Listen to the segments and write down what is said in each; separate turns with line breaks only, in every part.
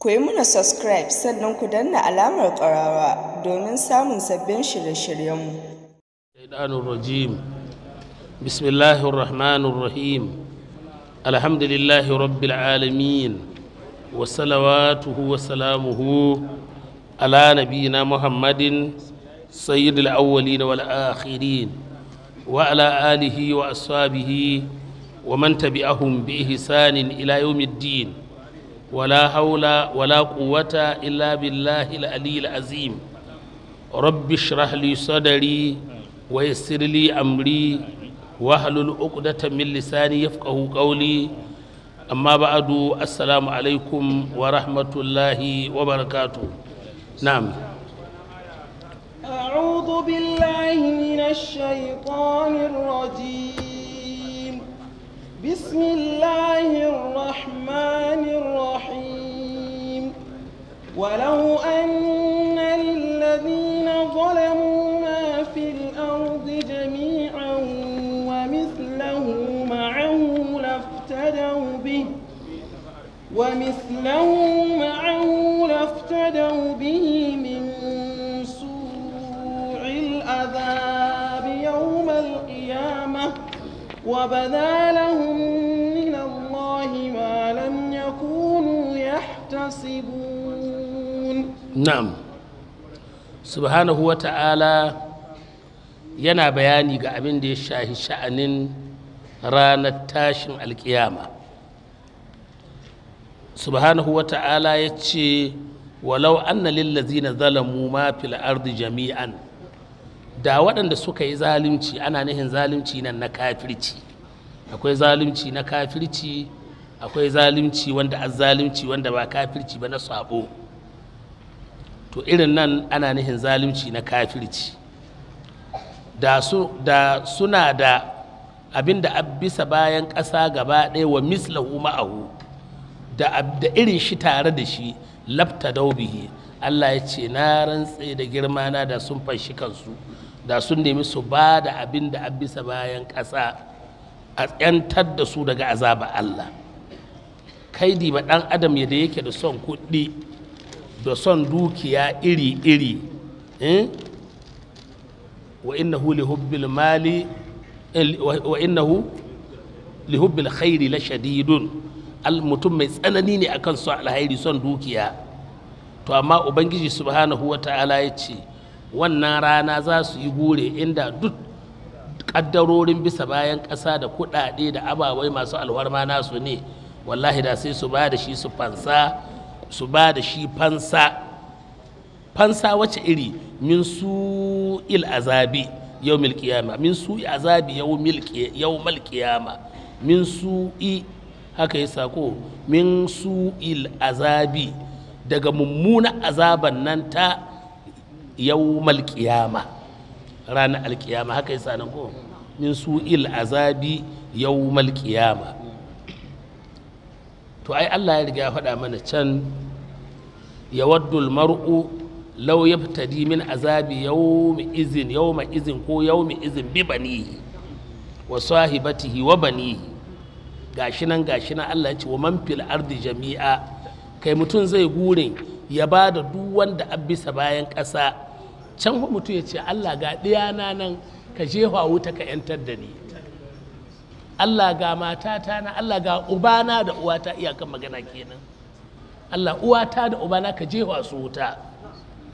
Ku yi muna subscribe sannan ku danna alamar ƙararwa domin samun sabbin shirye-shiryenmu.
Shaidanun rajim, Bismillahir Rahmanir Rahim, Alhamdulillahi Rabbil Alamin, wa salawatuhu wa salamuhu ala nabina Muhammadin sayyidul awwalin na walakhirin wa ala alihi wa ashabihi wa man tabi'ahum bi ihsanin ila yawmiddin. ولا حول ولا قوة إلا بالله العلي العظيم رب اشرح لي صدري ويسر لي أمري واحلل عقدة من لساني يفقه قولي أما بعد السلام عليكم ورحمة الله وبركاته نعم
أعوذ بالله من الشيطان الرجيم بسم الله الرحمن الرحيم
ولو أن
للذين ظلموا ما في الأرض جميعا ومثله معه لافتدوا به ومثله معه لافتدوا به من سوء الأذى وبدا لهم من الله ما لم يكونوا يحتسبون
نعم سبحانه وتعالى yana bayani ga abin da ya shahi sha'anin ranar tashin alkiyama subhanahu wa ta'ala ya ce walau anna lillazina zalamu ma fil ardi jami'an da waɗanda suka yi zalunci ana nihin zalunci nan na kafirci akwai zalunci na kafirci akwai zalunci wanda zalunci wanda ba kafirci ba na sabo to irin nan ana nihin zalunci na kafirci da, suna da abin da abisa bayan ƙasa gaba ɗaya wa mislahu ma'ahu da, da irin shi tare da shi lafta daubihi Allah ya ce na rantse da girmana da sun fashi kansu da sun nemi su ba da abin da an bisa bayan ƙasa a ‘yantar da su daga azaba Allah kaidi ba ɗan adam ya da yake da son kuɗi da son dukiya iri-iri eh? wa innahu li khairi la shadidun mutum mai tsanani ne akan son alhairi son dukiya to amma ubangiji subhanahu wa ta'ala ya ce wannan rana za su yi gure inda duk ƙaddarorin bisa bayan ƙasa da kuɗaɗe da ababai masu alwarma nasu ne wallahi da sai su ba da shi su fansa su ba da shi fansa fansa wace iri min su il azabi yau milkiyama min su i azabi yau min su i haka yi sako min su il azabi daga mummunan azaban nan ta yawmal qiyama ranar alkiyama haka yasa nan ko min su'il azabi yawmal qiyama to ai Allah ya riga ya faɗa mana can ya yawaddul mar'u law yaftadi min azabi yawmi izin yawma izin ko yawmi izin bi bani wa sahibatihi wa bani gashi nan gashi nan Allah ya ce wa man fil ardi jami'a kai mutum zai gure ya ba da duwan wanda an bisa bayan ƙasa can mutum ya ce allah ga ɗiyana nan ka jefa wuta ka yantar da ni allah ga matata na allah ga ubana da uwata iyakan magana kenan allah uwata da ubana ka jefa su wuta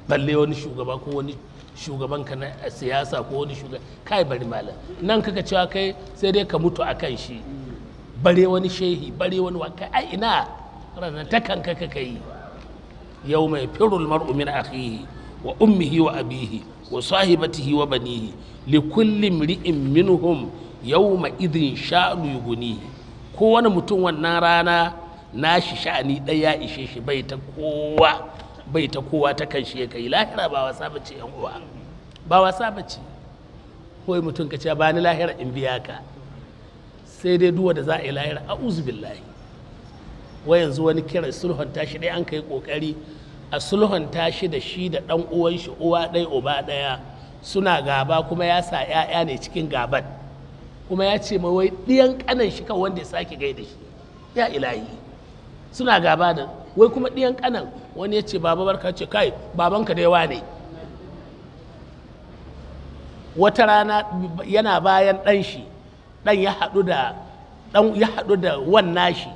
balle wani shugaba ko wani shugaban ka na siyasa ko wani shugaban kai bari malam nan kaka cewa kai sai dai ka mutu akan shi bare wani shehi bare wani wakai ai ina ranar ta kanka kaka yi yawma yafirru almar'u min akhihi wa ummihi wa abihi wa sahibatihi wa banihi li kulli imri'in minhum yawma idhin sha'nu yughnihi kowane mutum wannan rana nashi sha'ani ɗaya ishe shi bai bai ta kowa ta kan ya kai lahira ba wasa bace yan uwa ba wasa bace kawai mutum ka ce ba ni lahira in biya ka sai dai duwa da za a yi lahira a'udhu wai yanzu wani kira sulhunta shi dai an kai kokari a sulhunta shi da shi da dan uwan shi uwa ɗaya uba ɗaya suna gaba kuma ya sa 'ya'ya ne cikin gaban kuma ya ce ma wai ɗiyan ƙanan shi kan wanda ya sake gaida shi ya ilahi suna gaba da wai kuma ɗiyan ƙanan wani ya ce baba barka ce kai babanka da yawa ne wata rana yana bayan ɗan shi ɗan ya haɗu da dan ya haɗu da wannan shi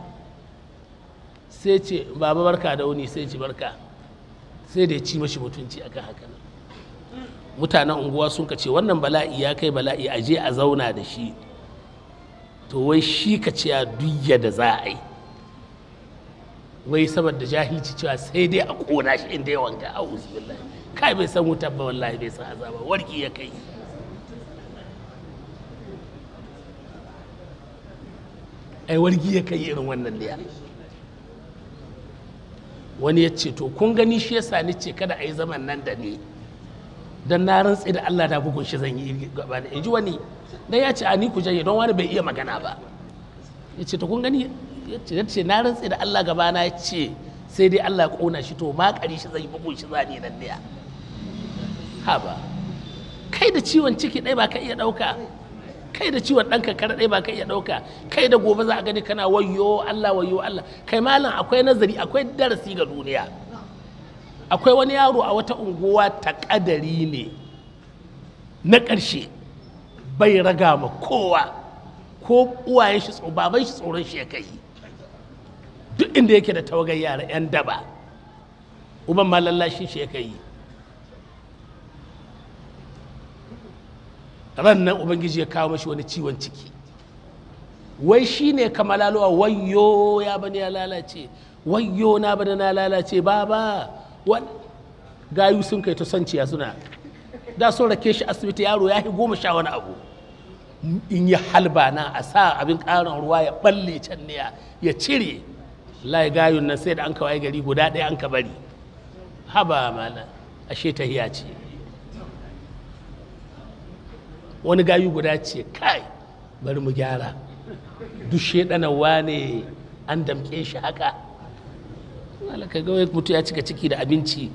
sai ce baba barka da wuni sai ce barka sai da ya ci mashi mutunci kan haka mutanen unguwa sun ka ce wannan bala'i ya kai bala'i a je a zauna da shi to wai shi ka ce ya duyya da za a yi wai saboda jahilci cewa sai dai a kona shi inda yawan ga a wallahi kai bai san wuta ba wallahi bai san azaba warki ya kai ai wargi ya kai irin wannan liya wani ya ce to kun gani shi yasa ni ce kada a yi zaman nan da ni dan na rantse da Allah da bugun shi zan yi gaba da inji wani dan ya ce a ni ku janye don wani bai iya magana ba ya ce to kun gani ya ce na rantse da Allah gaba na ya ce sai dai Allah ya kona shi to ma kari shi zan yi bugun shi zani nan ne ha ba kai da ciwon ciki ɗaya ba ka iya ɗauka kai da ciwon ɗanka kar ɗaya ba ka iya ɗauka kai da gobe za a gani kana wayo Allah wayo Allah kai malam akwai nazari akwai darasi ga duniya akwai wani yaro a wata unguwa ta ƙadari ne na ƙarshe bai raga ma kowa ko uwayen shi baban shi tsoron shi ya kai duk inda yake da tawagar yara 'yan daba uban ma lallashin shi ya kai ran nan ubangiji ya kawo mashi wani ciwon ciki wai shi ne kamalalowa wayo ya bani ya lalace wayo na bani na lalace ba ba gayu sun kai ta son sanciya suna da sun rake shi asibiti yaro ya yi goma sha wani abu in yi halba na a sa abin karin ruwa ya balle can ne ya cire lai gayun nan sai da an kawai gari guda ɗaya an ka bari haba mana ashe ta hiya wani gayu guda ce kai bari mu gyara duk shedanawa ne an damke shi haka wala ka ga mutu ya cika ciki da abinci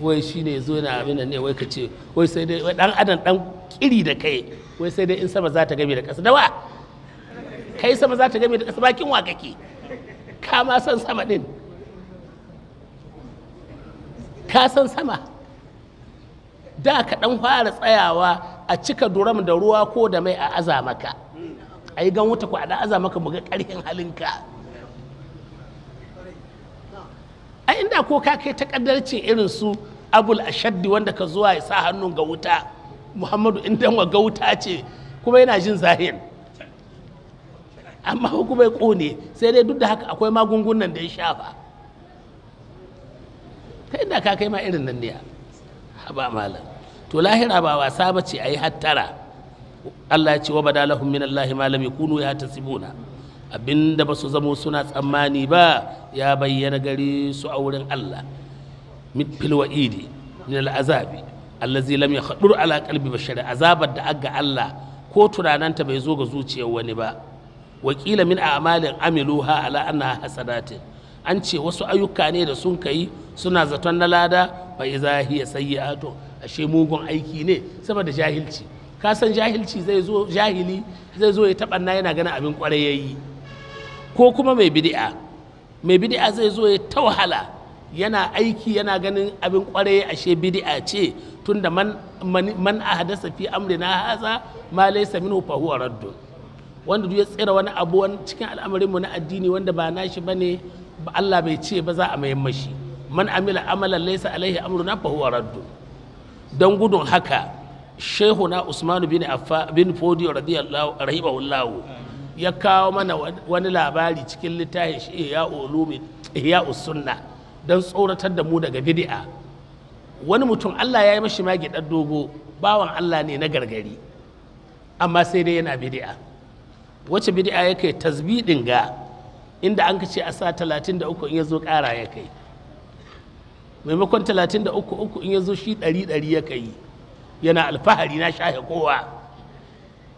wai shi ne zo na abin ne wai ka ce wai sai dai dan adam dan kiri da kai wai sai dai in sama za ta game da ƙasa dawa kai sama za ta game da ƙasa bakin wa kake ka ma san sama din ka san sama da ka dan fara tsayawa a cika duram da ruwa ko da mai a aza maka a yi gan wuta ku a da aza maka ga ƙarfin halinka a inda ko ka kai cin irin su abul ashaddi wanda ka zuwa ya sa hannun ga wuta muhammadu inda wa ga ce kuma yana jin zahir amma kuma kone sai dai duk da haka akwai magungunan da ya shafa ta inda ka kai ma irin nan ne ba malam to lahira ba wasa ba ce a yi hattara Allah ce wa bada lahum min Allah ma lam yakunu Abin abinda ba su zamo suna tsammani ba ya bayyana gare su a wurin Allah min fil wa'idi min al'azabi azabi allazi lam yakhdur ala qalbi shari'a. azabar da aga Allah ko tunananta bai zo ga zuciyar wani ba wakila min a'malin amiluha ala ana hasadatin an ce wasu ayyuka ne da sun kai suna zaton na lada fa iza hiya sayyi'atun ashe mugun aiki ne saboda jahilci ka san jahilci zai zo jahili zai zo ya na yana ganin abin ƙwarai ya yi ko kuma mai bidi'a mai bidi'a zai zo ya ta wahala yana aiki yana ganin abin ƙwarai ashe bidi'a ce tunda man man hadasa fi na haza ma laisa minhu fa huwa wanda duk ya tsira wani abu cikin al'amarinmu na addini wanda ba nashi bane Allah bai ce ba za a mayan mashi man amila amalan laysa alaihi amruna fa huwa raddun don gudun haka shehuna usmanu bin affa bin fodiyo radiyallahu rahimahullahu ya kawo mana wani labari cikin littafin shi ya ulumi ya usunna don tsoratar da mu daga bid'a wani mutum Allah ya yi mashi magi dan dogo bawan Allah ne na gargari amma sai dai yana bid'a wacce bid'a yake tasbidin ga inda an ka ce a sa 33 in ya zo ƙara ya kai maimakon 33 in ya zo shi 100 ya kai yana alfahari na shahe kowa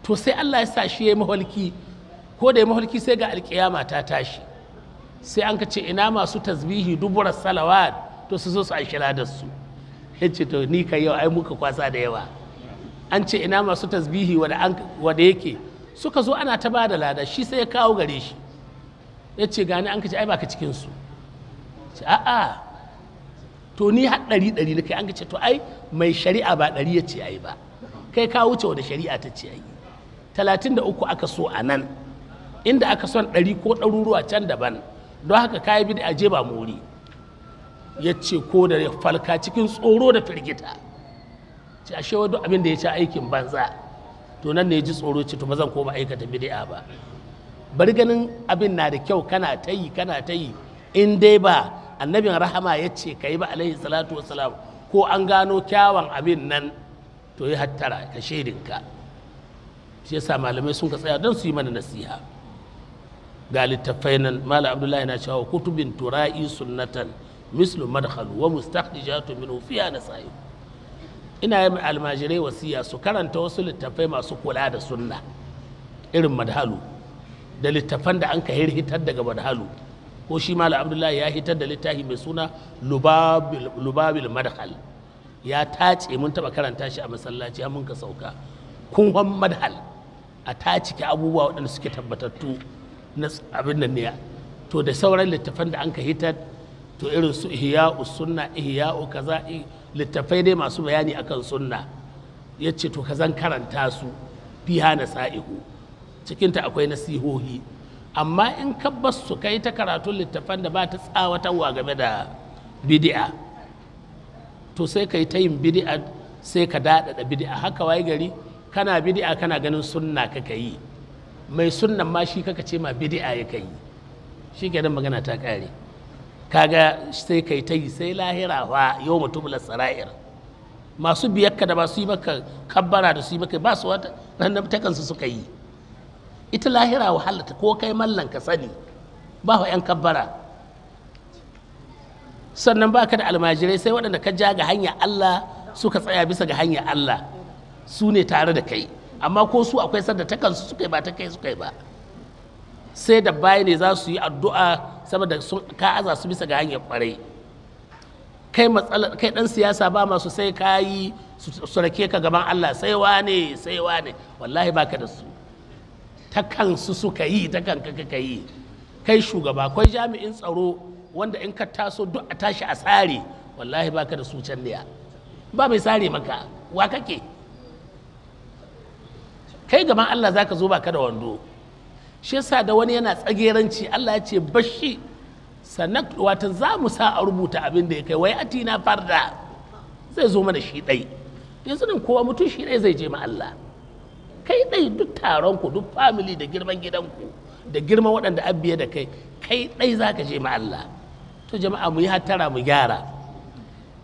to sai Allah ya sa shi ya maholki ko da ya maholki sai ga alkiyama ta tashi sai an ka ce ina masu tasbihi dubura salawat to su zo su aishi da su ya ce to ni ka yau ai muka kwasa da yawa an ce ina masu tasbihi wada yake suka zo ana ta bada lada shi sai ya kawo gare shi ya ce gani an ka ce ai baka cikinsu. a'a to ni har ɗari ɗari na kai an ce to ai mai shari'a ba ɗari ya ce ai ba kai ka wuce wanda shari'a ta ce ai talatin da uku aka so a nan inda aka son ɗari ko ɗaruruwa can daban don haka kayi bi da aje ba mori ya ce ko da ya falka cikin tsoro da firgita ce a shewa wadda abin da ya ci aikin banza to nan ne ya ji tsoro ce to ba zan koma aikata bid'a ba bari ganin abin na da kyau kana ta yi kana ta yi in dai ba annabin rahama ya ce ka yi ba alaihi salatu wasalam ko an gano kyawun abin nan to yi hattara ka shaidinka shi yasa malamai sun ka tsaya don su yi mana nasiha ga littattafai nan malam abdullahi na cewa kutubin tura'i sunnatan mislu madkhalu wa mustaqdijatu minhu fiha nasa'ib ina yi almajirai wasiya su karanta wasu littattafai masu kula da sunna irin madhalu da littattafan da an ka hirhitar daga madhalu ko shi malam abdullahi ya hitar da littafi mai suna lubabil madhal ya tace mun taba karanta shi a masallaci mun ka sauka kunwan madhal a tace abubuwa waɗanda suke tabbatattu na abin nan ne to da sauran littafan da an ka hitar to irin su ihya'u sunna ihya'u kaza littafai dai masu bayani akan sunna yace to kazan karanta su fiha nasaihu cikinta akwai nasihohi amma in ka bas su kai ta karatun littafan da ba ta tsawatarwa game da bidi'a to sai ka yi ta yin bidi'a sai ka daɗaɗa bidi'a haka wai gari kana bidi'a kana ganin sunna kaka yi mai sunnan ma shi kaka ce ma bidi'a ya kai shi ke magana ta ƙare kaga sai kai ta yi sai lahira wa yau mutum sara'ir masu biyakka da ba yi maka kabbara da su yi maka ba su wata ranar takansu suka yi ita lahira wahalata ko kai mallan ka sani ba wa 'yan kabbara sannan ba ka da almajirai sai waɗanda ka ja ga hanya Allah suka tsaya bisa ga hanya Allah su ne tare da kai amma ko su akwai sanda ta kansu suka yi ba ta kai suka yi ba sai da baya ne za su yi addu'a saboda ka aza su bisa ga hanyar kwarai kai matsala kai dan siyasa ba masu sai kayi su rake ka gaban Allah sai wane sai wane wallahi baka da su ta kansu suka yi ta kanka kaka yi kai shugaba kai jami'in tsaro wanda in ka taso duk a tashi a tsare wallahi baka da su can ba mai tsare maka wa kake kai gama Allah zaka zo baka da wando shi yasa da wani yana tsageranci Allah ya ce bashi sanak wata za mu sa a rubuta abin da ya kai wai atina farda zai zo mana shi ɗai yanzu nan kowa mutum shi ɗai zai je ma Allah kai ɗai duk taron ku duk family da girman gidanku da girman waɗanda abbiye da kai kai ɗai zaka je ma Allah to jama'a mu yi hattara mu gyara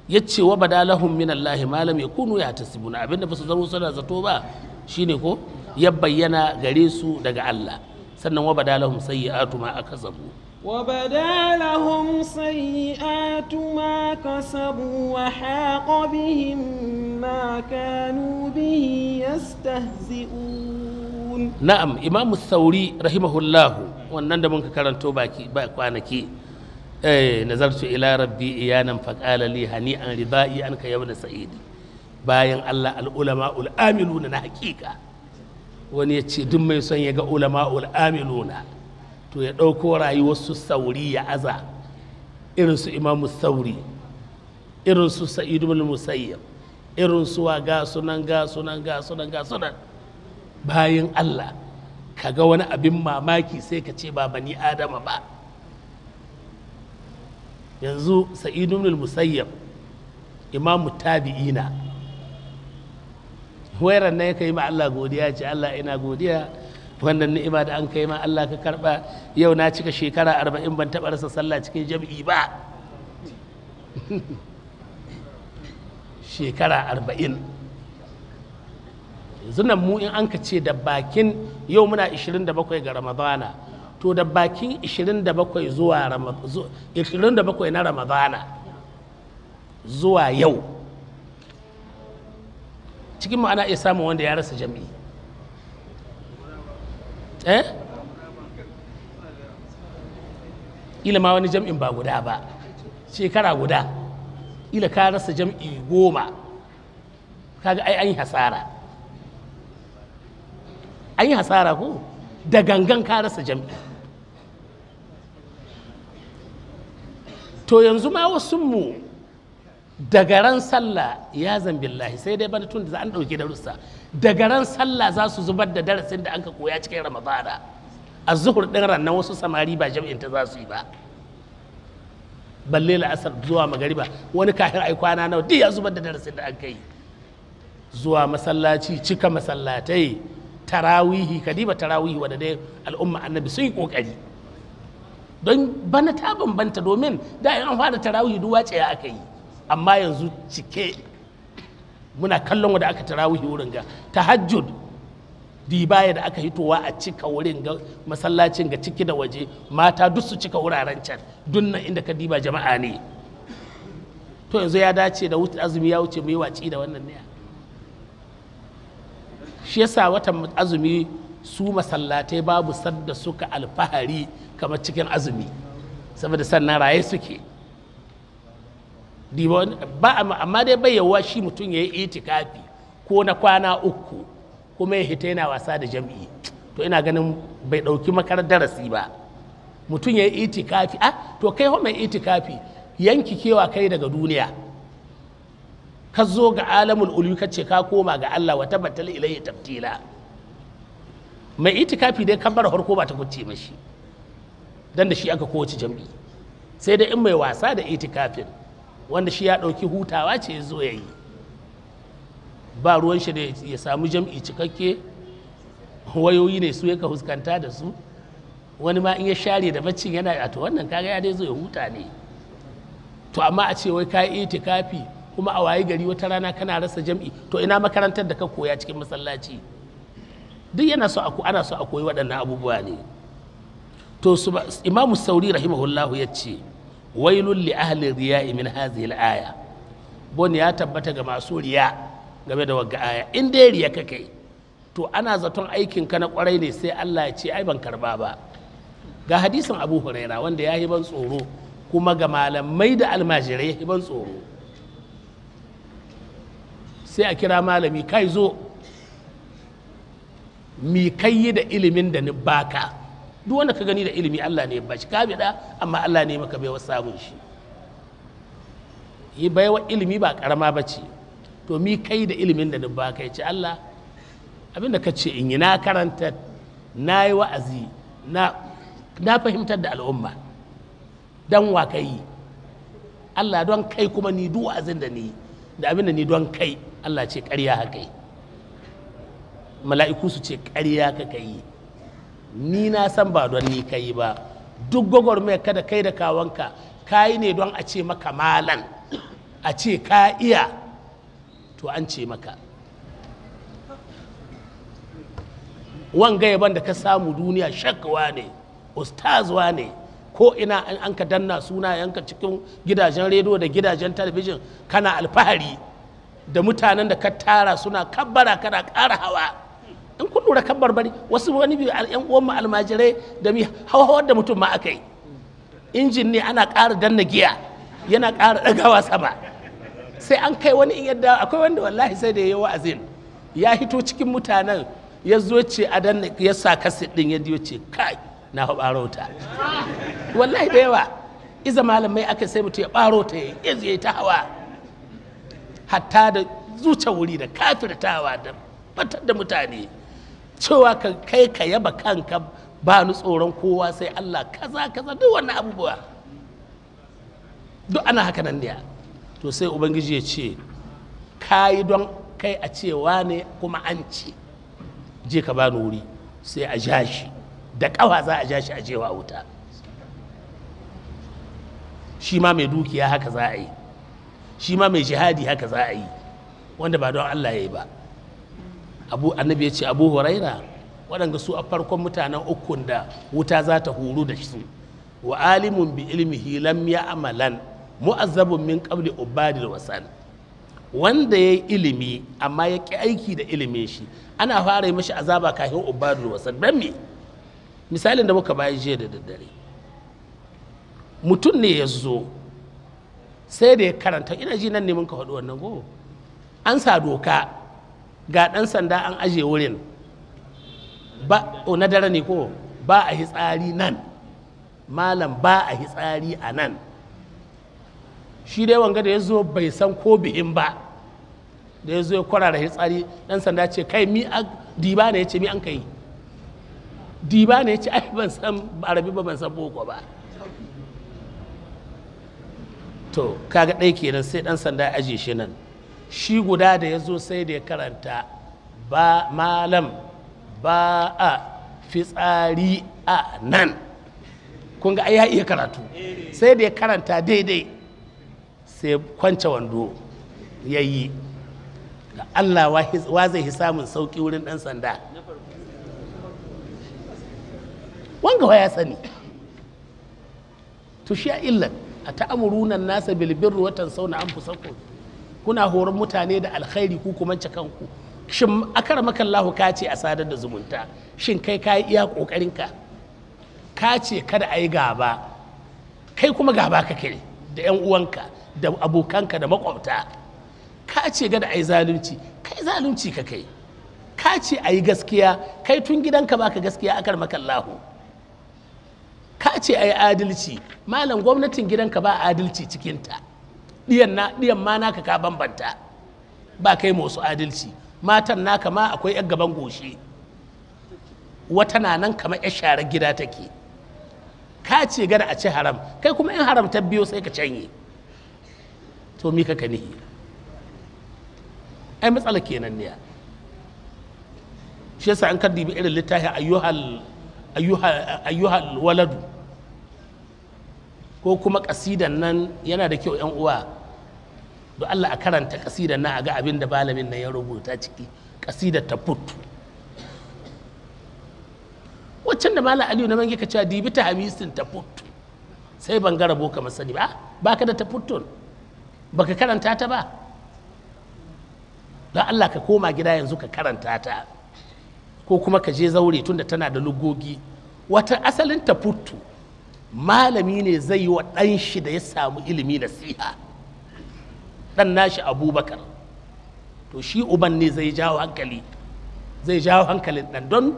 ya ce wa bada min Allah malam ya kunu ya tasibuna abinda ba su zama suna zato ba shine ko ya bayyana gare su daga Allah sannan wa bada ya sayyi'atu ma akazabu
وبدا لهم سيئات ما كسبوا وحاق بهم ما كانوا به يستهزئون
نعم إمام الثوري رحمه الله wannan da muka karanto baki ba kwanaki eh nazartu ila rabbi iyanan faqala li hani an ridai an ka yawna sa'idi bayan Allah al ulama ul amiluna na hakika wani ya ce duk mai son ya ga ulama ul amiluna to ya ɗauko rayuwarsu sauri ya aza irinsu imamu sauri irinsu sa'idu bin irin irinsu wa ga sunan ga sunan ga sunan ga sunan bayan allah kaga wani abin mamaki sai ka ce ba bani adama ba yanzu sa'idu bin musayyab imamu tabi'ina wairan na ya kai ma allah godiya ce allah ina godiya wannan ni'ima da an kai ma Allah ka karba yau na cika shekara arba'in ban taɓa rasa sallah cikin jam'i ba shekara arba'in yanzu nan mu in an ka ce da bakin yau muna 27 ga ramadana to da bakin 27 zuwa 27 na ramadana zuwa yau cikin ma'ana iya samun wanda ya rasa jam'i eh ila ma wani jam'in ba guda ba shekara guda ila ka rasa jam'i goma kaga ai an yi hasara an yi hasara ko da gangan ka rasa jam'i to yanzu ma wasu mu daga ran sallah ya zambillahi sai dai bana tun da an da darussa Da garan sallah za su zubar da darasin da anka koya cikin ramadana a zuhur ɗin ranar wasu samari ba jam'in ta za su yi ba balle la'asar zuwa magariba wani kafin ai kwana nawa duk ya zubar da darasin da anka yi zuwa masallaci cika masallatai tarawihi kadiba tarawihi wanda dai al'umma annabi sun yi kokari don bana ta bambanta domin da an fara tarawihi duwace ya aka yi amma yanzu cike muna kallon wanda aka tarawihi wurin ga tahajjud dibaya da aka hitowa a cika wurin ga masallacin ga ciki da waje mata duk su cika wuraren can dunna inda ka diba jama'a ne to yanzu ya dace da wuce azumi ya wuce mai waci da wannan ne shi yasa watan azumi su masallatai babu sadda suka alfahari kamar cikin azumi saboda sannan raye suke ba amma dai bai yawa shi mutum ya yi itikafi ko na kwana uku kuma ya hita yana wasa da jam'i to ina ganin bai ɗauki makarar darasi ba mutum ya yi itikafi a ah, to kai ho mai itikafi yanki kewa kai daga duniya ka zo ga alamul ulu ka ce ka koma ga Allah wa tabbatal ilayhi tabtila mai itikafi dai kan bar harko ba ta kuce mashi dan da shi aka kowace jam'i sai dai in mai wasa da itikafin wanda shi ya ɗauki hutawa ce zo ya yi ba ruwan shi da ya samu jam'i cikakke wayoyi ne su ya ka huskanta da su wani ma in ya share da baccin yana a to wannan kaga ya dai zo ya huta ne to amma a ce wai ka yi itikafi kuma a wayi gari wata rana kana rasa jam'i to ina makarantar da ka koya cikin masallaci duk yana so ana so a waɗannan abubuwa ne to imamu sauri rahimahullahu ya ce wailun li ahli riya'i min hadhihi al-aya bon ya tabbata ga masu riya game da wagga aya in dai riya kake to ana zaton aikin ka na kwarai ne sai Allah ya ce ai ban karba ba ga hadisin Abu Huraira wanda ya yi ban tsoro kuma ga malamai da almajirai ya yi ban tsoro sai a kira malami kai zo mi kai da ilimin da ni baka duk wanda ka gani da ilimi Allah ne ya bashi ka da amma Allah ne maka baiwa samun shi yi baiwa ilimi ba karama ba ce to mi kai da ilimin da ba kai ce Allah abinda ka ce in yi na karanta na yi wa'azi na fahimtar da al'umma don wa ka yi Allah don kai kuma ni duk wa'azin da ni da abin da ni don kai Allah ce karya haka yi mala'iku su ce karya ka kai ni na san ba don ni kai ba duk gwagwarmaya kada kai da kawanka kayi ne don a ce maka malan a ce ka iya to an ce maka wanga yaban da ka samu duniya shakwa ne ustazwa ne ko ina an ka danna suna yanka cikin gidajen rediyo da gidajen talabijin kana alfahari da mutanen da ka tara suna kabbara kana ƙara hawa ɗuɗɗura kan barbari wasu wani biyu yan uwan mu almajirai da mi hawar da mutum ma aka yi injin ne ana ƙara danna giya yana ƙara ɗagawa sama sai an kai wani in yadda akwai wanda wallahi sai da ya yi wa'azin ya hito cikin mutanen ya zo ce a danna ya sa kasi ɗin ya diyo ce kai na fa ɓaro wallahi da yawa iza malamai aka sai mutum ya ɓaro ta ya yi ta hawa hatta da zuce wuri da kafirtawa da batar da mutane cewa ka kai ka yaba kanka ba ni tsoron kowa sai Allah kaza kaza duk wannan abubuwa duk ana haka nan ne to sai ubangiji ya ce ka don kai a cewa ne kuma an ce je ka bani wuri sai a ja da ƙawa za a ja a jewa wuta shi ma mai dukiya haka za a yi shi ma mai jihadi haka za a yi wanda ba don Allah ya yi ba abu annabi ya ce abu huraira waɗanda su a farkon mutanen ukun da wuta za ta huru da su wa alimun bi ilmihi lam ya amalan mu'azzabun min qabli ubadil wasan wanda ya yi ilimi amma ya ƙi aiki da ilimin shi ana fara yi mashi azaba kafin ubadul wasan don me misalin da muka bayan jiya da daddare mutum ne ya zo sai da ya karanta ina ji nan ne mun ka faɗi wannan go an sa doka ga ɗan sanda an aje wurin ba o oh, na dare ne ko ba a hitsari nan malam ba a hitsari a nan shi dai wanga da ya zo bai san ko bihin ba da ya zo ya kwarara hitsari ɗan sanda ce kai mi a diba ne ya ce mi an kai diba ne ya ce ai ban san arabi ba ban san boko ba to kaga ɗai kenan sai ɗan sanda ya aje shi nan shi guda da ya zo sai da ya karanta ba malam ba a fitsari a nan kun ga ya iya karatu sai da ya karanta daidai sai kwance wando ya yi ga allah wa zai samun sauki wurin dan sanda wanga ya sani to a illan a ta'amuruna nasa bilbirru watan sauna an fusa kuna horon mutane da alkhairi ku kuma kanku shin akar Allah ka ce a sadar da zumunta shin kai ka yi iya kokarin ka ce kada a yi gaba kai kuma gaba ka kire da 'yan uwanka da abokanka da makwabta ka ce kada a yi zalunci kai zalunci ka kai ka ce a yi gaskiya kai tun gidanka baka gaskiya akar Allah ka ce a yi adalci malam gwamnatin gidanka ba adalci cikinta Ɗiyan na ɗiyan ma naka ka bambanta ba kai wasu adalci matan naka ma akwai yan gaban goshi wata na nan kamar yan share gida take ka ce gada a ci haram kai kuma in haram ta biyo sai ka canye to mi ka kani ai matsala kenan ne shi yasa an kaddibi irin littafin ayyuhal ayyuhal waladu ko kuma kasidan nan yana da kyau 'yan uwa don Allah a karanta kasidan nan a ga abin da na nan ya rubuta ciki kasidar ta put waccan da malam aliyu na mangi ka cewa dibi ta hamisin ta put sai ban ga rabo masani ba baka da ta putun baka karanta ta ba don Allah ka koma gida yanzu ka karanta ta ko kuma ka je zaure tunda tana da lugogi wata asalin ta putu malami ne zai yi wa ɗan shi da ya samu ilimi nasiha ɗan nashi abubakar to shi uban ne zai jawo hankali zai jawo hankalin ɗan don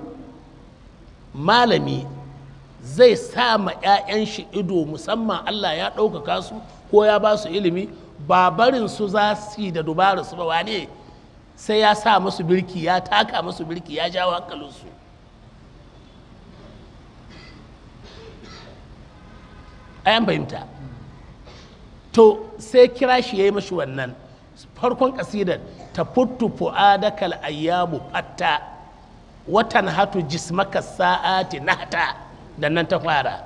malami zai sa ma 'ya'yan shi ido musamman allah ya ɗaukaka su ko ya ba su ilimi ba barin su za su yi da dubarinsu su ba wane sai ya sa masu birki ya taka masu birki ya jawo hankalinsu ayan fahimta to sai kira shi ya yi mashi wannan farkon kasidar ta futtu fu'adakal ayyamu fatta watan hatu jismaka sa'ati nata da nan ta fara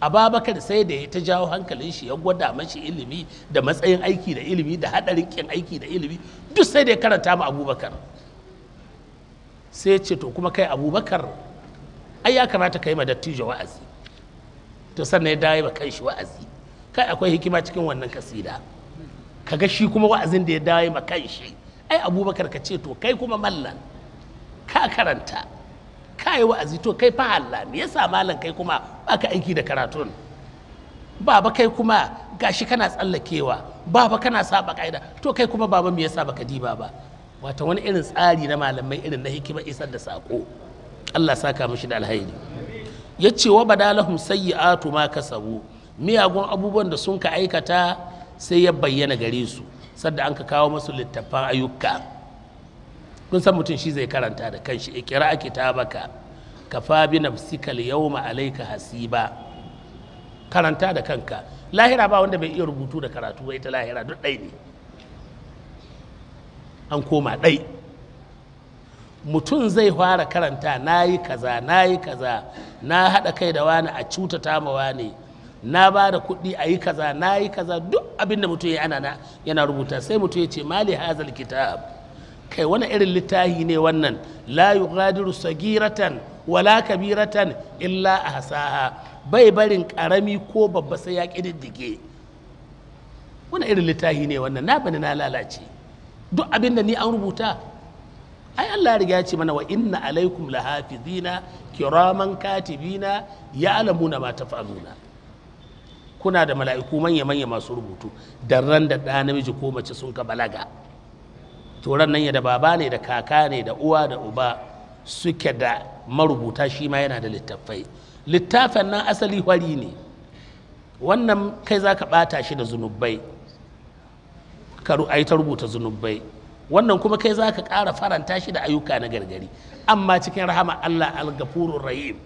ababakar sai da ya ta jawo hankalin shi ya gwada mashi ilimi da matsayin aiki da ilimi da hadarin kin aiki da ilimi duk sai da ya karanta mu abubakar sai ce to kuma kai abubakar ai ya kamata kai ma dattijo wa'azi to sannan ya dawo kan shi wa'azi kai akwai hikima cikin wannan kasida kaga shi kuma wa'azin da ya dawo ma kan shi ai abubakar ka ce to kai kuma mallan ka karanta ka yi wa'azi to kai fa Allah me yasa mallan kai kuma baka aiki da karatun baba kai kuma gashi kana tsallakewa baba kana saba kaida to kai kuma baba me yasa baka diba ba wata wani irin tsari na malamai irin na hikima isar da sako Allah saka mishi da alheri ya ce wa badalahum sayyi'atu ma kasabu miyagun abubuwan da sun ka aikata sai ya bayyana gare su sadda an ka kawo masu littattafan ayyuka kun san mutum shi zai karanta da kanshi ikira kitabaka kafa bi nafsika yawma alayka hasiba karanta da kanka lahira ba wanda bai iya rubutu da karatu ba ita lahira duk ɗai ne an koma ɗai mutum zai fara karanta na yi kaza na yi kaza na haɗa kai da wani a cutata ma wani na ba da kuɗi a yi kaza na yi kaza duk abin da mutum ya ana yana rubuta sai mutum ya ce mali hazal kitab kai wani irin littahi ne wannan la yughadiru sagiratan wala kabiratan illa ahsaha bai barin karami ko babba sai ya kididdige wani irin littahi ne wannan na bani na lalace duk abin da ni an rubuta ai Allah ya riga ya ce mana wa inna alaikum lahafizina kiraman katibina alamuna ma taf'aluna kuna da mala'iku manya manya masu rubutu dan ran da ɗa namiji ko mace sun ka balaga to ran nan ya da baba ne da kaka ne da uwa da uba suke da marubuta shi ma yana da littattafai littafin nan asali hwari ne wannan kai za ka ɓata shi da zunubai ka ta rubuta zunubai wannan kuma kai za ka ƙara faranta shi da ayyuka na gargari amma cikin rahama Allah al rahim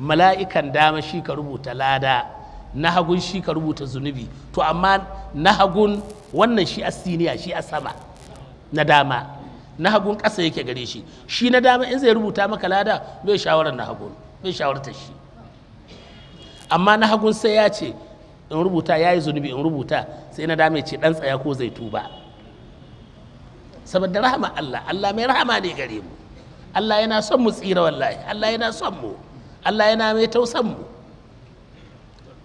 mala'ikan dama shi ka rubuta lada na hagun shi ka rubuta zunubi to amma na hagun wannan shi asiniya shi a sama na dama na hagun ƙasa yake gare shi shi na dama in zai rubuta maka lada bai shawarar na hagun bai shawarta shi amma na hagun sai ya ce in rubuta ya yi zunubi in rubuta sai na dama ya ce ɗan tsaya ko zai tuba saboda rahama Allah Allah mai rahama ne gare mu Allah yana son mu tsira wallahi Allah yana son mu Allah yana mai tausan mu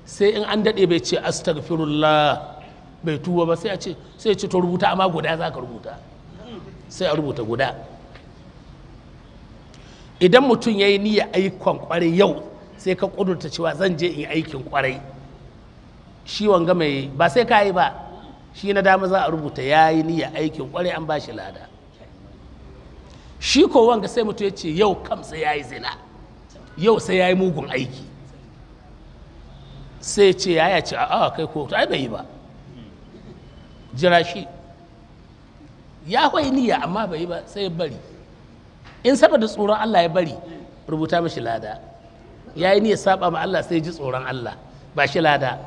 sai in an daɗe bai ce astaghfirullah bai tuwa ba sai a ce sai ci to rubuta amma guda za ka rubuta sai a rubuta guda idan mutum ya yi niyya aikon kwarai yau sai ka kudurta cewa zan je in yi aikin kwarai shi wanga mai ba sai ka yi ba shi na dama za a rubuta ya yi niyya aikin kwarai an bashi lada shi ko wanga sai mutum ya ce yau kam ya yi zina yau sai ya yi mugun aiki sai ce ya ce a'a kai ko ai bai yi ba jira shi ya kwai niyya amma bai yi ba sai ya bari in saboda tsoron Allah ya bari rubuta mashi lada ya yi niyya saba ma Allah sai ji tsoron Allah ba shi lada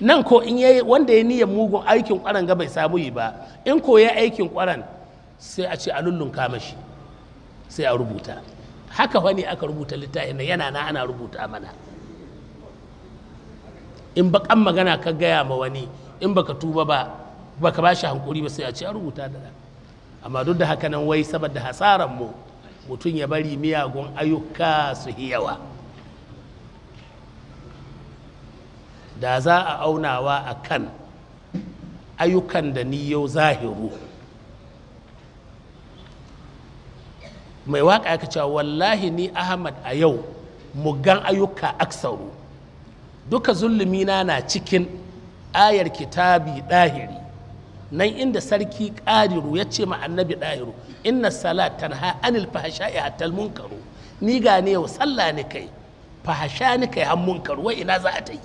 nan ko in yayi wanda ya niyyar mugun aikin kwaran ga bai samu yi ba in ko ya aikin kwaran sai a ce a lullunka mashi sai a rubuta haka wani aka rubuta littafin nan yana na ana rubuta mana in ba kan magana ka gaya ma wani in baka tuba ba baka ba hankuri ba sai a ce a rubuta da amma duk da haka nan wai saboda hasaran mu mutum ya bari miyagun ayyuka su yawa da za a aunawa a kan ayyukan da ni yau zahiru mai waka ya cewa wallahi ni ahmad a yau mu gan ayyuka aksaru duka zulumina na cikin ayar kitabi ɗahiri nan inda sarki ƙariru ya ce ma annabi ɗahiru inna salat tanha anil fahasha'i hatal munkaru ni gane yau sallah ni kai fahasha ni kai han munkaru wai ina za a ta yi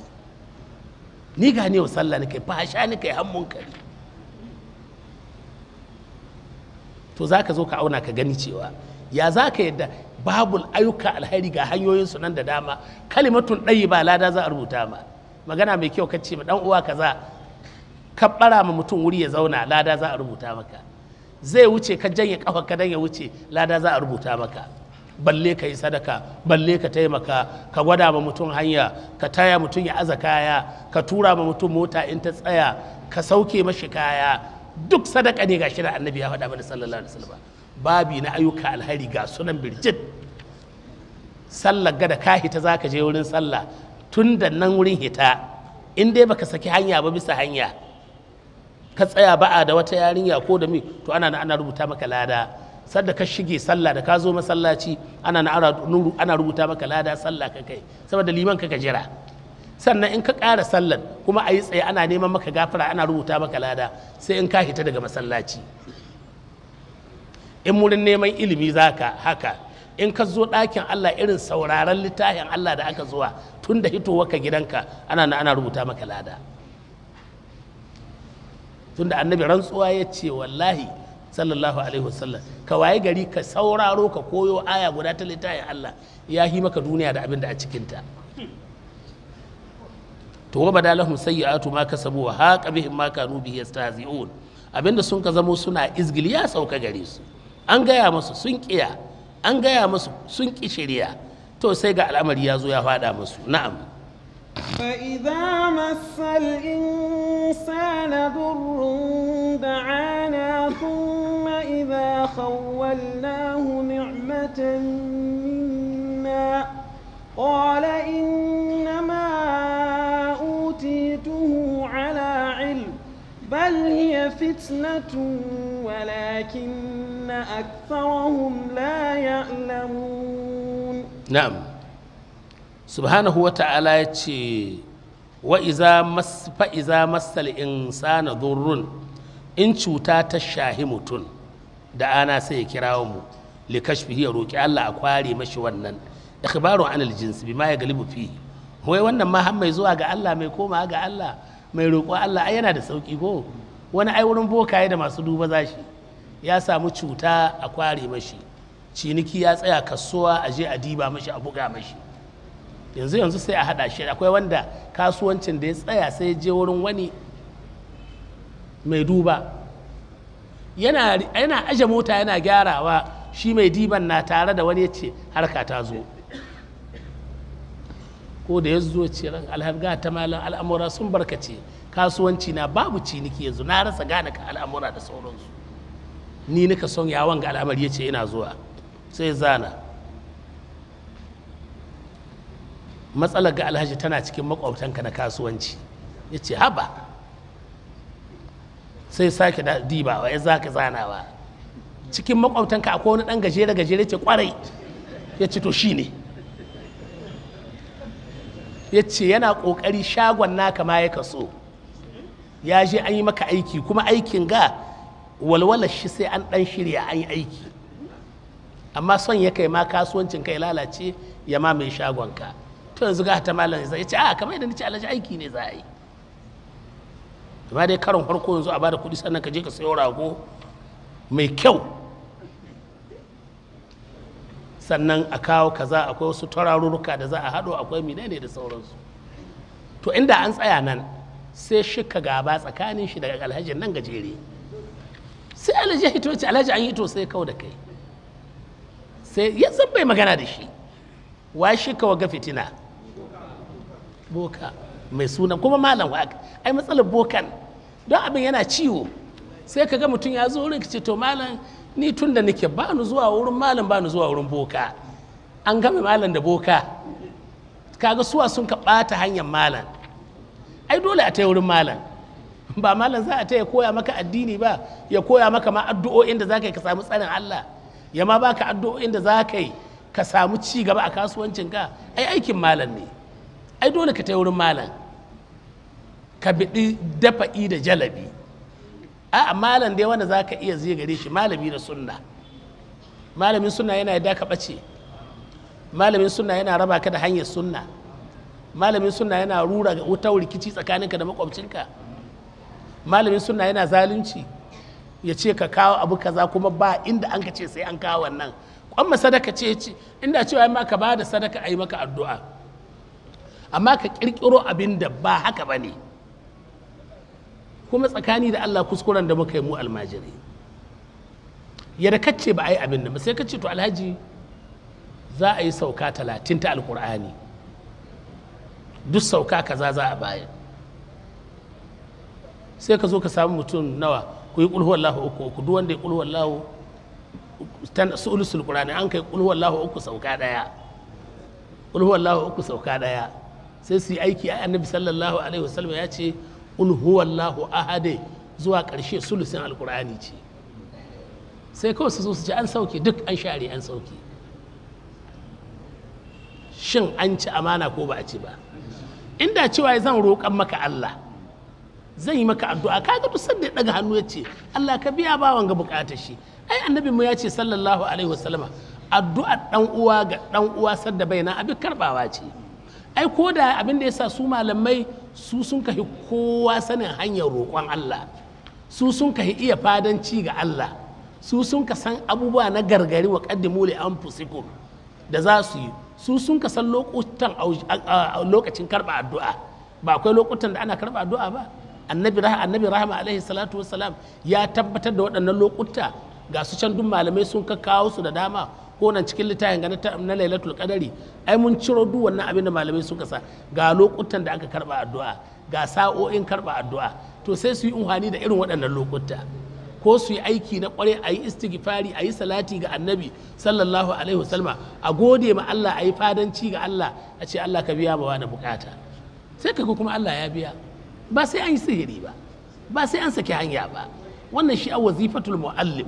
ni ga ne sallah nake fa nake hammun kai to zaka zo ka auna ka gani cewa ya zaka yadda babul ayyuka alheri ga hanyoyin su nan da dama kalimatun ɗayi ba lada za a rubuta ma magana mai kyau kace ma dan uwa kaza ka bara ma mutum wuri ya zauna lada za a rubuta maka zai wuce ka janye kafa ka dan ya wuce lada za a rubuta maka balle ka yi sadaka balle ka taimaka ka gwada ma mutum hanya ka taya mutum ya aza kaya ka tura ma mutum mota in ta tsaya ka sauke mashi kaya duk sadaka ne gashi da annabi ya faɗa mana sallallahu alaihi wasallam babi na ayyuka alhari ga sunan birjit sallar gada ka hita za ka je wurin sallah tun da nan wurin hita in dai baka saki hanya ba bisa hanya ka tsaya ba'a da wata yarinya ko da mi to ana ana rubuta maka lada sadda ka shige sallah da ka zo masallaci ana ana rubuta maka lada sallah ka kai saboda liman ka jira sannan in ka ƙara sallar kuma a yi tsaye ana neman maka gafara ana rubuta maka lada sai in ka hita daga masallaci in murin neman ilimi zaka haka in ka zo ɗakin Allah irin sauraron littafin Allah da aka zuwa tun da ka gidanka ana ana rubuta maka lada tun da annabi rantsuwa ya ce wallahi sallallahu alaihi wasallam ka waye gari ka sauraro ka koyo aya guda ta littafin Allah ya hi maka duniya da abin da a cikin ta to wa badalahum sayyi'atu ma kasabu wa haqa bihim ma kanu bihi yastahzi'un abinda sun ka zamo suna izgili ya sauka gare su an gaya musu sun kiya an gaya musu sun ki to sai ga al'amari ya zo ya fada musu na'am
فإذا مس الإنسان ضر دعانا ثم إذا خولناه نعمة منا قال إنما أوتيته على علم بل هي فتنة ولكن أكثرهم لا يعلمون
نعم subhanahu wa ta'ala ya ce fa'iza masal insana durrun in cuta ta shahi mutum da ana sai ya kirawo mu likashfihi ya roƙi Allah a kware mashi wannan ikhbaru anil jins bima ya galibu fi wai wannan ma har mai zuwa ga Allah mai koma ga Allah mai roƙo Allah ai yana da sauki ko wani ai wurin bokaye da masu duba zashi ya samu cuta a kware mashi ciniki ya tsaya kasuwa a je a diba mashi a buga mashi yanzu yanzu sai a haɗa shi akwai wanda kasuwancin da ya tsaya sai ya je wurin wani mai duba yana, aje mota yana gyarawa shi mai diban na tare da wani ya ce harka ta zo ko da ya zo ce ran alhamga ta malam al'amura sun barkace kasuwanci na babu ciniki yanzu na rasa gane ka al'amura da sauransu ni nika son yawon ga al'amari ya ce ina zuwa sai zana matsalar ga alhaji tana cikin makwabtanka na kasuwanci ya ce haba sai sake dibawa ya zaka zanawa cikin makwabtanka akwai wani dan gajere gajere ce kwarai ya ce to shi ne ya ce yana kokari shagon naka ma ya kaso ya je an yi maka aiki kuma aikin ga walwalar shi sai an dan shirya an yi aiki amma son ya kai ma kasuwancin kai lalace ya ma mai ka. to yanzu ga ta malam ya ce a ah, kamar yadda nace alhaji aiki ne za a yi ba dai karon farko yanzu a bada kuɗi sannan ka je ka sayo rago mai kyau sannan a kawo kaza akwai wasu tararruka da za a haɗo akwai ne da sauransu to inda an tsaya nan sai shika gaba tsakanin shi daga alhajin nan gajere sai alhaji hito ce alhaji an hito sai kawo da kai sai ya bai magana da shi wa shika wa ga fitina boka mai sunan kuma malam wa ai matsalar bokan don abin yana ciwo sai ka ga mutum ya zo wurin ka ce to malam ni tun da nake ba ni zuwa wurin malam ba ni zuwa wurin boka an gama malam da boka kaga suwa sun ka ɓata hanyar malam ai dole a ta wurin malam ba malam za a ta ya koya maka addini ba ya koya maka ma addu'o'in da za ka yi ka samu tsarin Allah ya ma baka addu'o'in da za ka yi ka samu ci gaba a kasuwancinka ai aikin malam ne ai dole ka ta wurin malam ka biɗi dafa da jalabi a malam dai wanda za ka iya zai gare shi malami da sunna malamin suna yana yadda ka ɓace malamin suna yana raba ka da hanyar sunna malamin suna yana rura wuta rikici tsakaninka da makwabcinka malamin suna yana zalunci ya ce ka kawo abu kaza kuma ba inda an ka ce sai an kawo wannan kwamma sadaka ce inda cewa ma ka ba da sadaka a yi maka addu'a amma ka ƙirƙiro abin da ba haka ba ne kuma tsakani da Allah kuskuren da muka yi mu almajiri yadda kacce ba a yi abin da ba sai kacce to alhaji za a yi sauka talatin ta alkur'ani duk sauka kaza za a bayan sai ka zo ka samu mutum nawa ku yi kulhu wallahu uku uku duk wanda ya kulhu wallahu tan sulusul qur'ani an kai kulhu wallahu uku sauka ɗaya. uku sauka daya sai su yi aiki a annabi sallallahu alaihi wasallam ya ce ul allahu ahade zuwa karshe sulusin alkur'ani ce sai kawai su zo su ci an sauke duk an share an sauke shin an ci amana ko ba a ci ba inda cewa zan roƙan maka Allah zan yi maka addu'a kaga duk sanda ya daga hannu ya ce Allah ka biya bawan ga bukatar shi ai annabi mu ya ce sallallahu alaihi wasallama addu'ar dan uwa ga dan uwa sadda bai na abin karɓawa ce ai ko da abin da sa su malamai su sun kahi kowa sanin hanyar roƙon Allah su sun kahi iya fadanci ga Allah su sun ka san abubuwa na gargari wa kaddimu li anfusikum da za su yi su sun ka san lokutan lokacin karba addu'a ba akwai lokutan da ana karba addu'a ba annabi annabi rahama alaihi salatu wassalam ya tabbatar da waɗannan lokuta ga su can duk malamai sun ka kawo su da dama ko nan cikin littafin ga na lailatul qadari ai mun ciro duk wannan abin da malamai suka sa ga lokutan da aka karba addu'a ga sa'o'in karba addu'a to sai su yi unhani da irin waɗannan lokuta ko su yi aiki na kware a yi istighfari a yi salati ga annabi sallallahu alaihi wasallama a gode ma Allah a yi fadanci ga Allah a ce Allah ka biya ba wani bukata sai ka kuma Allah ya biya ba sai an yi sihiri ba ba sai an saki hanya ba wannan shi a wazifatul muallim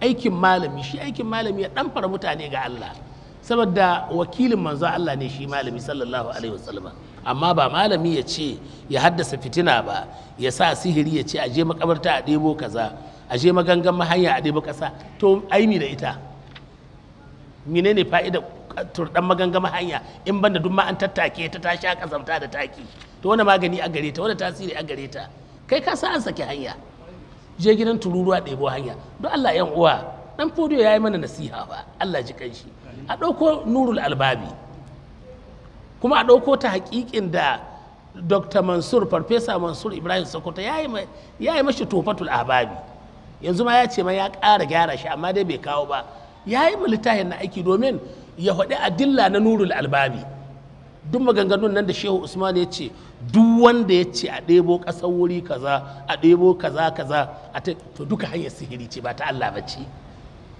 aikin malami shi aikin malami ya ɗan fara mutane ga Allah saboda wakilin manzo Allah ne shi malami sallallahu alaihi wasallam amma ba malami ya ce ya haddasa fitina ba ya sa sihiri ya ce aje makabarta a ɗebo kaza aje magangan mahanya a ɗebo kasa to aimi da ita menene fa'ida turɗan maganga hanya in banda duk ma an tattake ta ta sha kazamta da taki to wani magani a gare ta wani tasiri a gare ta kai ka sa an saki hanya je gidan tururuwa ɗebo hanya don Allah yan uwa dan fodiyo ya yi mana nasiha ba Allah ji kanshi a ɗauko nurul albabi kuma a ɗauko ta haƙiƙin da dr mansur farfesa mansur ibrahim sokoto ya yi mashi tofatul ababi yanzu ma ya ce ma ya ƙara gyara shi amma dai bai kawo ba ya yi littafin na aiki domin ya faɗi adilla na nurul albabi duk maganganun nan da shehu usman ya ce duk wanda ya ce a ɗebo ƙasar wuri kaza a ɗebo kaza kaza a ta to duka hanyar sihiri ce ba ta Allah ba ce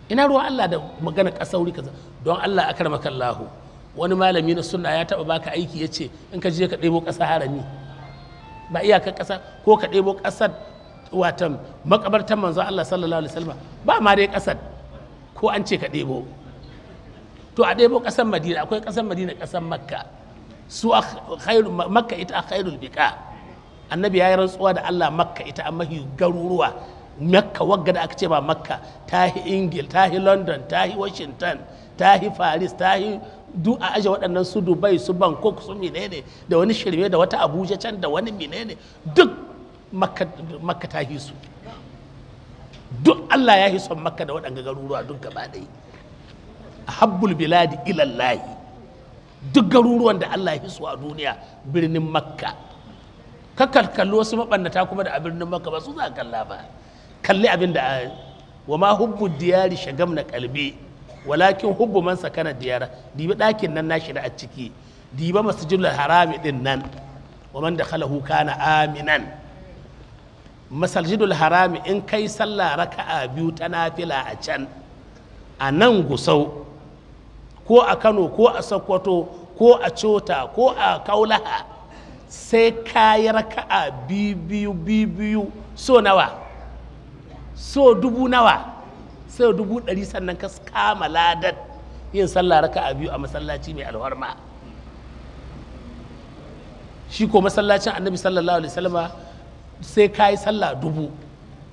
ina ruwa Allah da magana ƙasar wuri kaza don Allah a karmaka kallahu wani malami na sunna ya taɓa baka aiki ya ce in ka je ka ɗebo ƙasa harami ba iyakar ƙasa ko ka ɗebo ƙasar watan makabartan manzo Allah sallallahu alaihi wasallam ba ma dai ƙasar ko an ce ka ɗebo to a ɗebo ƙasar madina akwai ƙasar madina ƙasar makka su makka ita a khairul bika annabi ya yi rantsuwa da allah makka ita a mahi garuruwa makka wagga da aka ce ba makka ta hi ingil ta hi london ta hi washington ta hi paris ta hi duk a aje waɗannan su dubai su bangkok su menene da wani shirme da wata abuja can da wani menene duk makka ta hi su duk allah ya hi son makka da waɗanga garuruwa duk gaba ɗaya habbul biladi ilallahi duk garuruwan da Allah ya su a duniya birnin makka ka kalkalli wasu mabannata kuma da a birnin makka ba su za kalla ba kalli abin da wa ma hubbu diyari shagam na kalbi walakin hubbu man sakana diyara dibi ɗakin nan nashi da a ciki dibi masjidul harami din nan wa man dakhalahu kana aminan masjidul harami in kai sallah raka'a biyu ta nafila a can a nan gusau ko a kano ko a sokoto ko a cota ko a kaulaha sai raka raka'a biyu biyu so nawa so dubu nawa sai dubu ɗari sannan ka kama ladar yin sallah raka'a biyu a masallaci mai alwarma shi ko masallacin annabi sallallahu alaihi wasallama sai kayi sallah dubu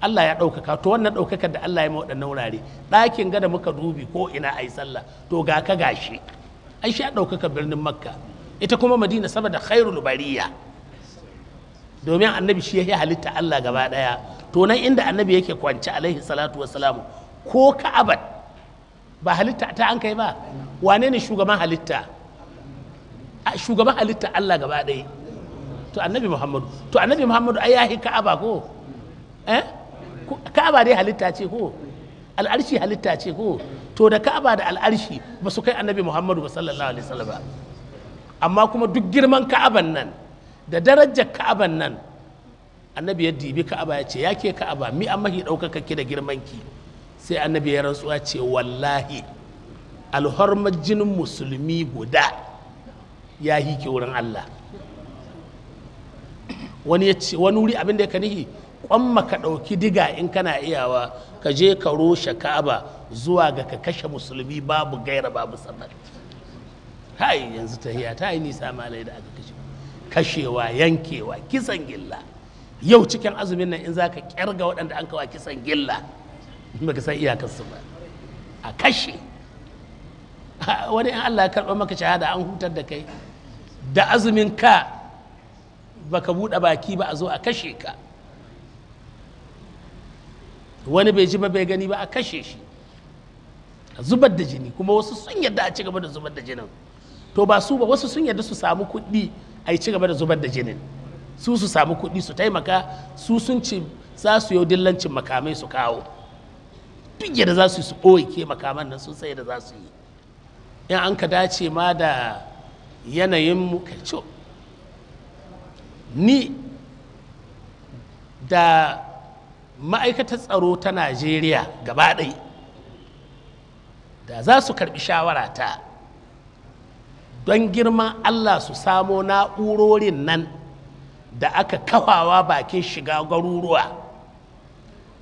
Allah ya ɗaukaka to wannan ɗaukakar da Allah ya ma waɗannan wurare ɗakin gada muka dubi ko ina a yi sallah to ga ka gashi ai shi ya ɗaukaka birnin makka ita kuma madina saboda khairul bariya domin annabi shi ya halitta Allah gaba ɗaya to nan inda annabi yake kwance alaihi salatu wassalamu ko ka'abat ba halitta ta an kai ba wane ne shugaban halitta shugaban halitta Allah gaba ɗaya to annabi muhammadu to annabi muhammadu ai ya hi ka'aba ko eh ka'aba dai halitta ce ko al'arshi halitta ce ko to da ka'aba da al'arshi ba su kai annabi muhammadu ba sallallahu alaihi wasallam amma kuma duk girman ka'aban nan da darajar ka'aban nan annabi ya dibi ka'aba ya ce ya ke ka'aba mi an mahi ɗaukaka ki da girman ki sai annabi ya rantsuwa ce wallahi alhormar jinin musulmi guda ya hi ki wurin allah wani wuri abin da ya nihi kwamma ka ɗauki diga in kana iyawa ka je ka roshe ka'aba zuwa ga ka kashe musulmi babu gaira babu sabar hai yanzu ta tahiya ta yi nisa malai da aka kashewa yankewa kisan gilla yau cikin azumin nan in za ka kyarga waɗanda an kawa kisan gilla ba ka san iyakansu ba a kashe wani in Allah ya karɓa maka shahada an hutar da kai da azumin ka baka buɗe baki ba a zo a kashe ka wani bai ji ba bai gani ba a kashe shi a zubar da jini kuma wasu sun yadda a ci gaba da zubar da jinin to ba su ba wasu sun yadda su samu kuɗi a yi ci gaba da zubar da jinin su su samu kuɗi su taimaka su sun ce za su yau dillancin makamai su kawo duk yadda za su yi su ɓoye makaman nan sun sai da za su yi in an ka dace ma da yanayin mu ni da ma'aikatar tsaro ta najeriya gaba ɗai da za su karɓi shawara ta don girman allah su samo na'urorin nan da aka kafawa bakin shiga garuruwa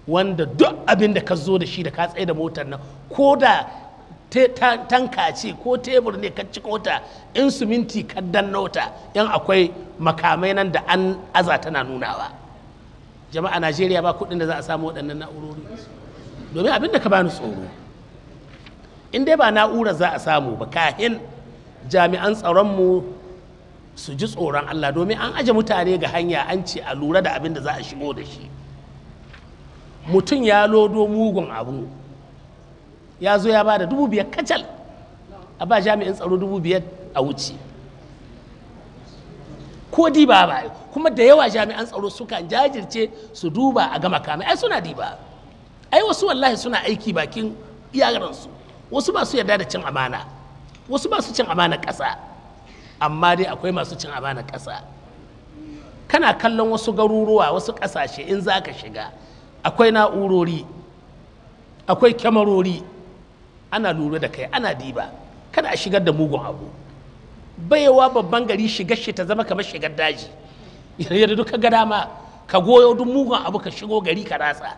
wanda duk abin da ka zo da shi da ka tsaye da motar nan ko da tanka ce ko tebur ne ka cika wata in su ka kaddan wata yan akwai makamai nan da an aza tana nunawa jama'a najeriya ba kuɗin da za a samu waɗannan na'urori domin abin ka bani tsoro in dai ba na'urar za a samu ba kahin jami'an tsaronmu su ji tsoron allah domin an aje mutane ga hanya an ce a lura da abin da za a shigo da shi mutum ya lodo mugun abu ya zo ya ba da dubu biyar kacal a ba jami'in tsaro dubu biyar a wuce ko diba ba kuma da yawa jami'an tsaro sukan jajirce su duba a gama kamai ai suna diba ai wasu wallahi suna aiki bakin iyaransu wasu ba su yarda da cin amana wasu ba su cin amana ƙasa amma dai akwai masu cin amana ƙasa kana kallon wasu garuruwa wasu ƙasashe in za ka shiga akwai na'urori akwai kyamarori ana lura da kai ana diba kada a shigar da mugun abu baiwa babban gari shiga shi ta zama kamar shigar daji yadda duka ga dama ka goyo duk mugun abu ka shigo gari ka ratsa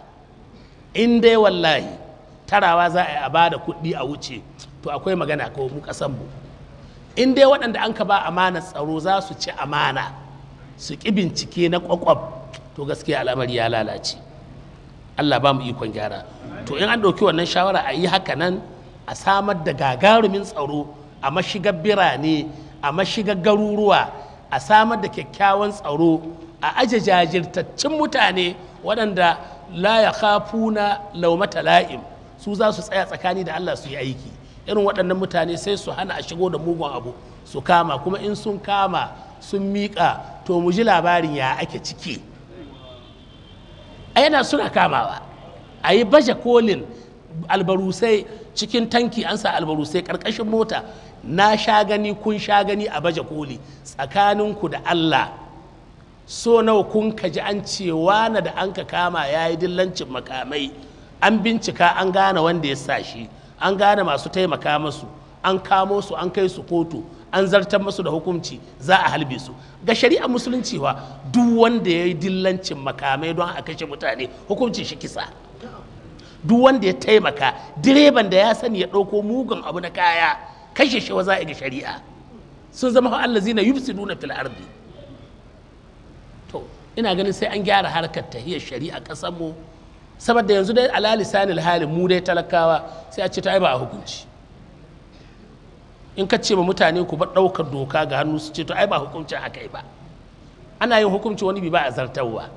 in dai wallahi tarawa za a yi a ba da kuɗi a wuce to akwai magana ko mu mu in dai waɗanda an ka ba amana tsaro za su ci amana su ƙi bincike na ƙwaƙwaf to gaskiya al'amari ya lalace allah ba mu ikon gyara to in an ɗauki wannan shawara a yi haka nan a samar da gagarumin tsaro a mashigar birane a mashigar garuruwa a samar da kyakkyawan tsaro a aje jajirtaccen mutane waɗanda la ya na laumata la'im su za su tsaya tsakani da Allah su yi aiki irin waɗannan mutane sai su hana a shigo da mugun abu su kama kuma in sun kama sun miƙa to mu ji labarin ya ake ciki a yana suna kamawa a yi baje kolin albarusai cikin tanki an sa albarusai ƙarƙashin mota na sha gani kun sha gani a baje koli tsakaninku da Allah so nawa kun ka ji an cewa na da an ka kama ya yi dillancin makamai an bincika an gane wanda ya sa shi an gane masu taimaka masu an kamo su an kai su kotu an zartar masu da hukunci za a halbe su ga shari'a musulunci wa duk wanda ya yi dillancin makamai don a kashe mutane hukunci shi kisa duk wanda ya taimaka direban da ya sani ya ɗauko mugun abu na kaya kashe shi za a ga shari'a sun zama fa allazina yufsiduna nuna fil'ardi to ina ganin sai an gyara harkar tahiyar shari'a kasar mu saboda yanzu dai ala lisanil hali mu dai talakawa sai a ce ta ba a hukunci in ka ce ma mutane ku ba ɗaukar doka ga hannu su ce to ai ba hukuncin haka ba ana yin hukunci wani bi ba a zartarwa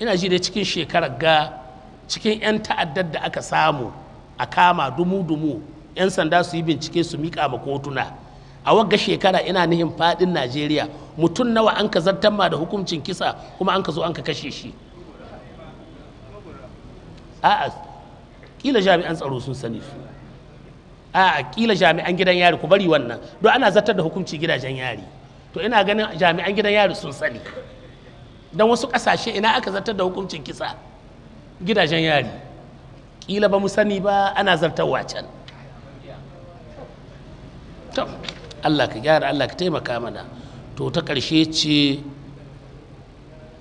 ina ji dai cikin shekarar ga cikin 'yan ta'addar da aka samu a kama dumu-dumu 'yan sanda su yi bincike su miƙa ma kotuna a wagga shekara ina nihin faɗin najeriya mutum nawa an ka zartan ma da hukuncin kisa kuma an ka zo an ka kashe shi a'a kila jami'an tsaro sun sani su a'a kila jami'an gidan yari ku bari wannan don ana zartar da hukunci gidajen yari to ina ganin jami'an gidan yari sun sani don wasu ƙasashe ina aka zartar da hukuncin kisa gidajen yari kila ba mu sani ba ana zartarwa can to Allah ka gyara Allah ka taimaka mana to ta karshe ce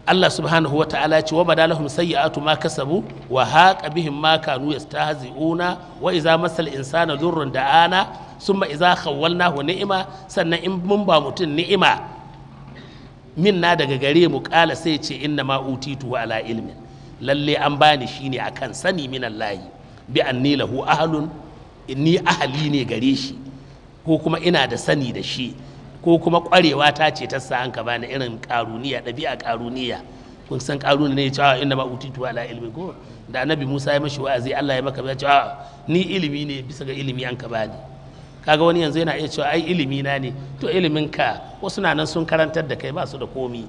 Allah subhanahu wa ta'ala ce wa badalahum sayyi'atu ma kasabu wa haqa bihim ma kanu yastahzi'una wa idza masal insana durrun da'ana summa idza hu ni'ima sannan in mun ba mutun ni'ima min na daga gare mu kala sai ce inna ma utitu ala ilmin lalle an bani shine akan sani minallahi layi bi anni lahu ahlun inni ahli ne gare shi ko kuma ina da sani da shi ko kuma kwarewa ta ce ta sa ka bani irin karuniya ɗabi'a karuniya kun san ne ya inda ah, inna ma utitu ala ilmi ko da annabi Musa ya mashi wa'azi Allah ya maka ya cewa ah, ni ilimi ne bisa ga ilimi an ka bani kaga wani yanzu yana iya cewa ai ilimi na ne to ilimin ka wasu na nan sun karantar da kai ba su da komi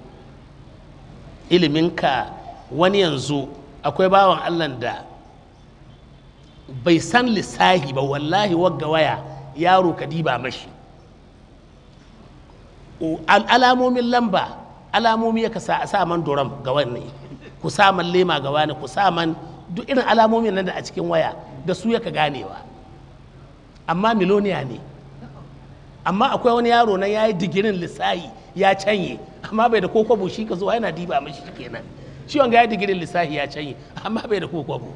ilimin ka wani yanzu akwai bawan Allah da bai san lissahi ba wallahi wagga waya yaro ka diba mashi alamomin lamba alamomi ya ka sa man doram ga wannan ku saman lema ga wani ku saman duk irin alamomin nan da a cikin waya da su ya ka ganewa amma miloniya ne amma akwai wani yaro nan ya yi digirin lissahi ya canye amma bai da kokobo shi ka zo yana diba mashi kenan ciwon ga ya digirin lissahi ya canye amma bai da kokobo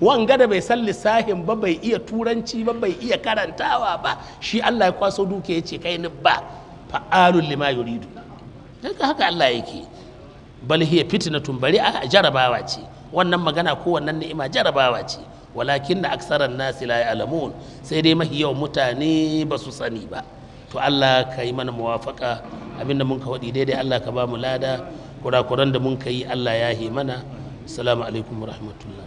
wanga da bai san lissafin ba bai iya turanci ba bai iya karantawa ba shi Allah ya kwaso duka ya ce kai ni ba fa'alun lima yuridu daga haka Allah yake bal hiya fitnatun bari a jarabawa ce wannan magana ko wannan ni'ima jarabawa ce walakin na aksaran nasi la ya'lamun sai dai mahi yawan mutane ba su sani ba to Allah ka yi mana muwafaka abinda mun ka wadi daidai Allah ka ba mu lada kurakuran da mun ka yi Allah ya hi mana assalamu alaikum rahmatullahi